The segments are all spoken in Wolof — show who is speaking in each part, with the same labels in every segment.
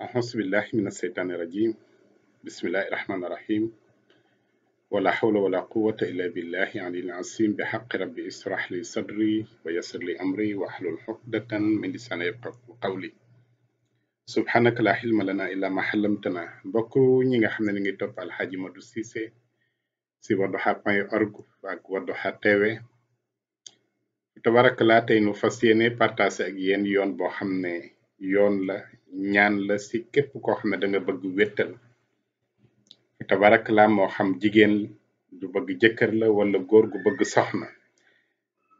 Speaker 1: أعوذ بالله من الشيطان الرجيم بسم الله الرحمن الرحيم ولا حول ولا قوة إلا بالله يعني العظيم بحق ربي اشرح لي صدري ويسر لي أمري واحلل عقدة من لساني يفقهوا قولي سبحانك لا علم لنا إلا ما علمتنا بكو نيغا خامن نيغي توب الحاج مدو سيسي سي ودو حقاي أرغ واك ودو حتيوي تبارك الله تاي نو بارتاسي اك يون بو خامني يون لا ñaan la si képp koo xam ne da nga bëgg wéttal la moo xam jigéen du bëgg jëkkër la wala góor gu bëgg soxna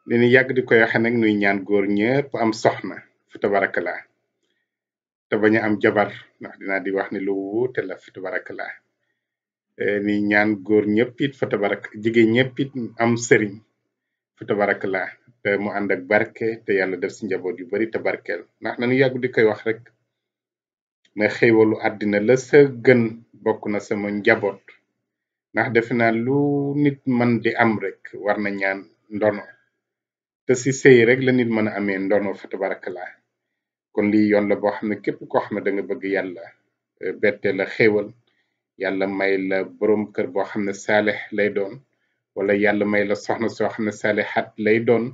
Speaker 1: dañu yàgg di koy waxe nag nuy ñaan góor ñëpp am soxna tabarak la te bañ am jabar ndax dinaa di wax ni lu wuute la fa tabarakala ni e, ñaan góor ñëpp it fa tabarak jigéen ñëpp it am sëriñ fa tabarakala te mu ànd ak barke te yàlla def si njaboot yu bari te ndax nañu yàgg di koy wax rek ne xéewalu àddina la sa gën bokk na sama njaboot ndax defe naa lu nit mën di am rek war na ñaan ndono te si sëy rek la nit mën a amee ndono fa la kon lii yoon la boo xam ne képp koo xam ne danga bëgg yàlla e, bette la xewal yàlla may la borom kër boo xam ne saalix lay doon wala yàlla may la soxna soo xam ne saalixaat lay doon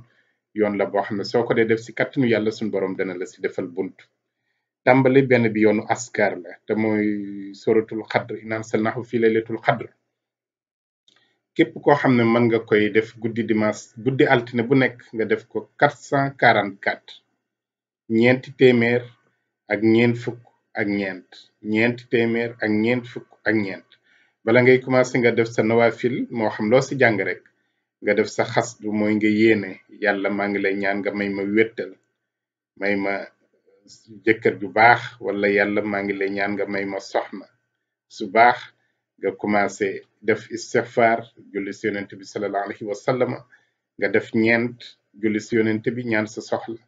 Speaker 1: yoon la boo xam ne soo ko dee def si kattanu yàlla suñu borom dana la si defal bunt tàmbali benn bi yoonu askar la te mooy suratul xadr ina salnahu fii laylatul xadr képp koo xam ne mën nga koy def guddi dimanche guddi altine bu nekk nga def ko quatre cent quarante quatre ñeenti téeméer ak ñeent fukk ak ñeent ñeenti téeméer ak ñeent fukk ak ñeent bala ngay commencé nga def sa nawafil moo xam loo si jàng rek nga def sa xas du mooy nga yéene yàlla maa ngi lay ñaan nga may ma wéttal may ma jëkkër ju baax wala yàlla maa ngi lay ñaan nga may ma soxna su baax nga commencé def istixfaar julli si yonent bi sallallahu alayhi wa sallama nga def ñeent julli si yonent bi ñaan sa soxla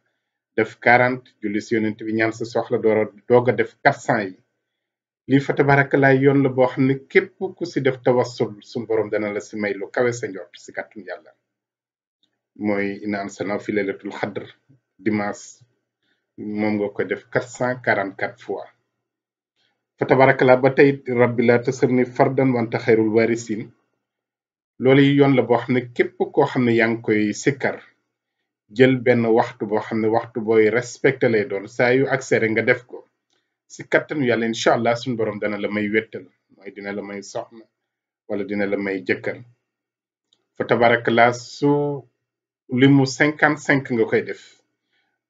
Speaker 1: def 40 julli si yonent bi ñaan sa soxla doora doog a def 400 yi lii fa tabarakalaay yoon la boo xam ne képp ku si def tawassul suñu borom dana la si may lu kawe sa si kàttum yàlla mooy inaan sa naw fi xadr dimanche moom nga ko def quatre cent quarante quatre fois fa tabarakala ba tey rabbi la tasirni fardan wanta xayrul warisin loolu yi yoon la boo xam ne képp koo xam ne yaa ngi koy sikkar jël benn waxtu boo xam ne waxtu booy respecté lay doon saa yu ak seere nga def ko si kattanu yàlla incha allah suñu borom dana la may wéttal mooy dina la may soxna wala dina la may jëkkër fa tabarakala su limu cinquante cinq nga koy def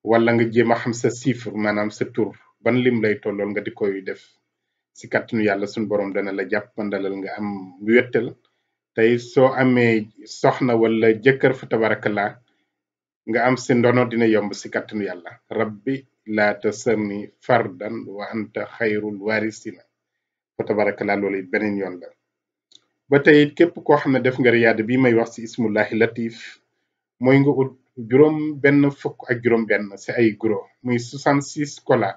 Speaker 1: wala nga jéem a xam sa chiffre maanaam sa tur ban lim lay tollool nga di koy def si kàttanu yàlla suñu borom dana la jàppandalal nga am wéttal tey soo amee soxna wala jëkkër fa tabarakalla nga am si ndono dina yomb si kàttanu yàlla rabbi laata tasarni fardan wa anta xayrul warisina fa tabarakalla loolu it beneen yoon la ba tey it képp koo xam ne def nga yaada bi may wax si ismullahi latif mooy nga ut juróom benn fukk ak juróom benn si ay guro muy 66 kola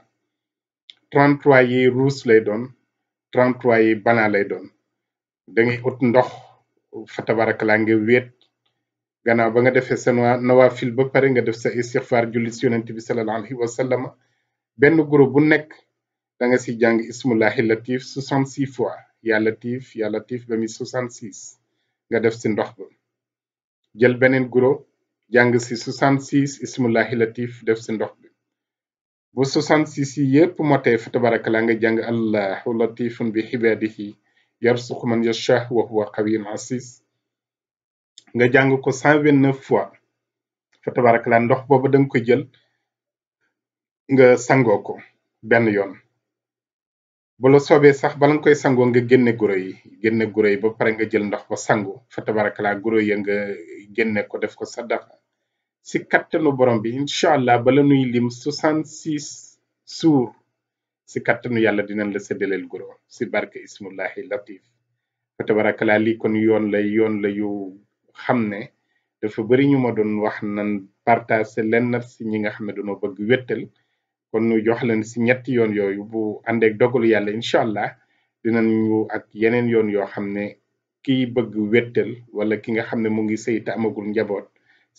Speaker 1: 33 yi ruus lay doon 33 yi bana lay doon da ngay ut ndox fa tabarakalaa nga wéet gannaaw ba nga defee sa nawafil ba pare nga def sa istighfar julli si yonent bi sallallahu alayhi wa sallam benn guro bu nekk da nga si jàng ismullahi latif 66 fois ya latif ya latif ba mi 66 nga def si ndox ba jël beneen guro jàng si 66 ismullahi latif def si ndox bi bu 66 yi yépp motee fa tabarakala nga jàng allahu latifun bi xibaadihi yarsuqu man yasha wax huwa qawiyun asis nga jàng ko 129 fois fa la ndox boobu da nga koy jël nga sangoo ko benn yoon bu la sax bala nga koy sangoo nga génne guro yi génne guro yi ba pare nga jël ndox ba sangu fa tabarakala guro ya nga génne ko def ko sadaqa si kattanu borom bi incha allah bala nuy lim 66 suur si kattanu yàlla dinañ la séddaleel goro si barke ismullahi latif fa tabarakalaa li kon yoon lay yoon la yu xam ne dafa bari ñu ma doon wax nan partage lenn si ñi nga xam ne dañoo bëgg wéttal kon nu jox leen si ñetti yoon yooyu bu àndeek dogalu yàlla incha allah dinañu ak yeneen yoon yoo xam ne kiy bëgg wéttal wala ki nga xam ne mu ngi sëy te njaboot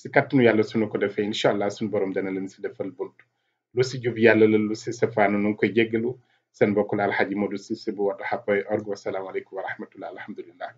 Speaker 1: si kàttanu yàlla suñu ko defee incha allah suñu borom dana leen si defal bunt lu si jub yàlla la lu si safaanu nu ngi koy jéggalu seen mbokk la alxaaji Modou Cissé bu Wadduha point org wasalaamaaleykum wa rahmatullah alhamdulillah